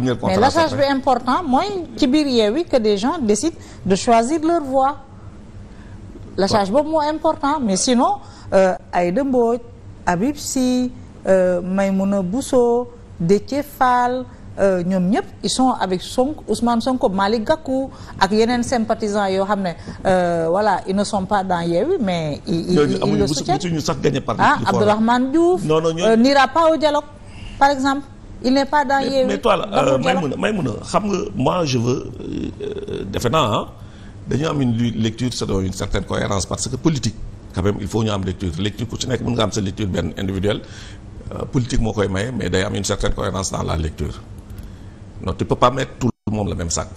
première contrat. mais lâchage bi important mooy ci biir Yewwi que des gens décident de choisir leur voie. lâchage boobu moo important mais sinon euh, Aïda Mbodj Habib Sy euh, Maïmouna Bousso Déthié Fall euh, ñoom ñëpp ils sont avec Sonko Ousmane Sonko Malick Gakou ak yeneen sympathisants yoo xam ne voilà ils ne sont pas dans Yewwi mais. ils ils le soutiennent ah Abdourahmane Diouf. n'ira pas au par exemple. il n'est pas dans Yewwi mais toi là euh, Maïmouna Maïmouna xam nga moi je veux euh, defe naa ah, dañu am une lecture ça donne une certaine cohérence parce que politique quand même il faut ñu am lecture lecture ku ci nekk mën nga am sa lecture benn individuelle euh, politique moo koy maye mais day am une certaine cohérence dans la lecture non tu peux pas mettre tout le monde même sac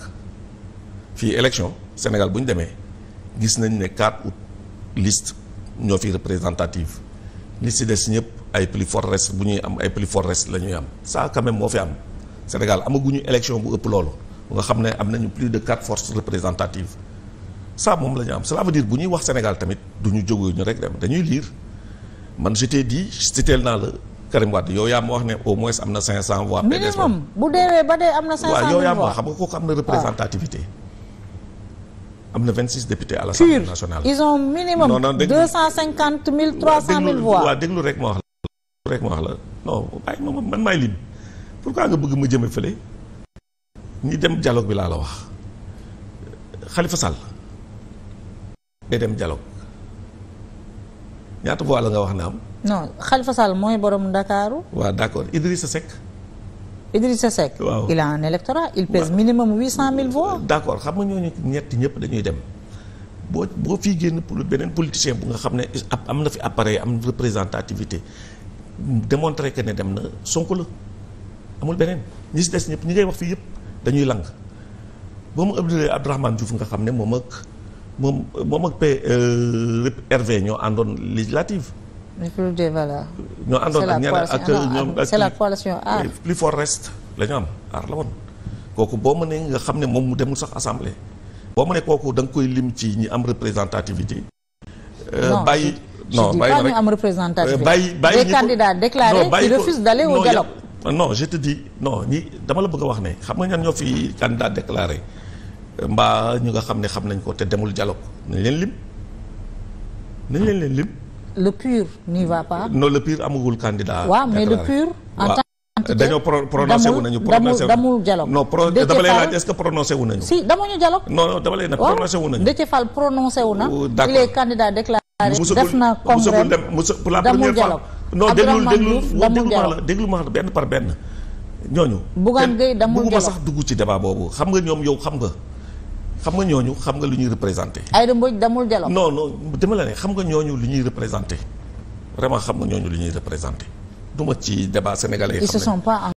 fii élection Sénégal bu ñu demee gis nañ ne 4 août liste ñoo fi représentative ñi si des ñëpp ay plus fort reste bu ñuy am ay plus fort reste la ñuy am ça quand moo fi am Sénégal amaguñu élection bu ëpp loolu nga xam ne am nañu plus de quatre forces représentatives ça moom la am cela veut dire bu ñuy wax Sénégal tamit du ñu jógee ñu rek dem dañuy liir man je t'ai dit citeel naa la Karim Wade yow yaa wax ne au moins am na 500 voix. PDS minimum bu deewee ba dee am na. 500 voix waaw yow yaa ma xam nga kooku am na représentativité. am na 26 députés à l'Assemblée nationale. ils ont minimum. non déglu rek ma wax la. rek bàyyi man maay lim pourquoi nga bëgg ma jëme fële. ñi dem dialogue bi laa la wax Khalifa Sall day dem dialogue ñaata voix la nga wax ne am. non Khalifa Sall mooy borom Ndakaaru. waaw d'accord Idrissa Seck. Idrissa Seck. waaw il a un électorat il pèse minimum huit cent mille voix. d' xam nga ñooñu ñett ñëpp dañuy dem boo boo fii génn pour beneen politicien bu nga xam ne am na fi appareil am représentativité démontrer que ne dem na Sonko la amul beneen ñi si des ñëpp ñi ngay wax fii yëpp dañuy lang boo ma ëbdalee Abdourahmane Diouf nga xam ne moom ak moom moom ak P euh, RV ñoo àndoon législative. le club ñoo àndoon ak ñeneen ak ñoom ak c'est la coalition ah, aar plus fort reste la ñu am aar la woon. kooku boo mënee nga xam ne moom mu demul sax assemblée. boo mënee kooku danga koy lim ci ñi am représentativité. bàyyi euh, non bàyyi na rek am représentativité. Euh, bàyyi bàyyi des candidats déclarés qui refusent d'aller au dialogue. non je te dis no ñi dama la bëgg a wax ne xam nga ñan ñoo fi candidat déclaré mbaa ñu nga xam ne xam nañ ko te demul dialogue nañ leen lim nañ leen leen lim. le PUR n'y va pas. le PUR amagul candidat. waaw mais le PUR en tant que dañoo prononcé wu nañu. prononcé damul dialogue non pro dama lay laaj est-ce que prononcé wu nañu. si damuñu dialogue. non non dama lay ne prononcé wu nañu. Déthié Fall prononcé wu na. mu oh, il est candidat déclaré. def na congrès pour la première fois non déglul déglul déglu ma la déglu ma la benn par benn ñooñu. Bougane Gueye damul dialogue bugguma sax dugg ci débat boobu xam nga ñoom yow xam nga. xam nga ñooñu xam nga lu ñuy représenté. Aïda Mbodj damul dialogue. non non dama la ne xam nga ñooñu lu ñuy représenté vraiment xam nga ñooñu lu ñuy représenté duma ci débat sénégalais. ils se sont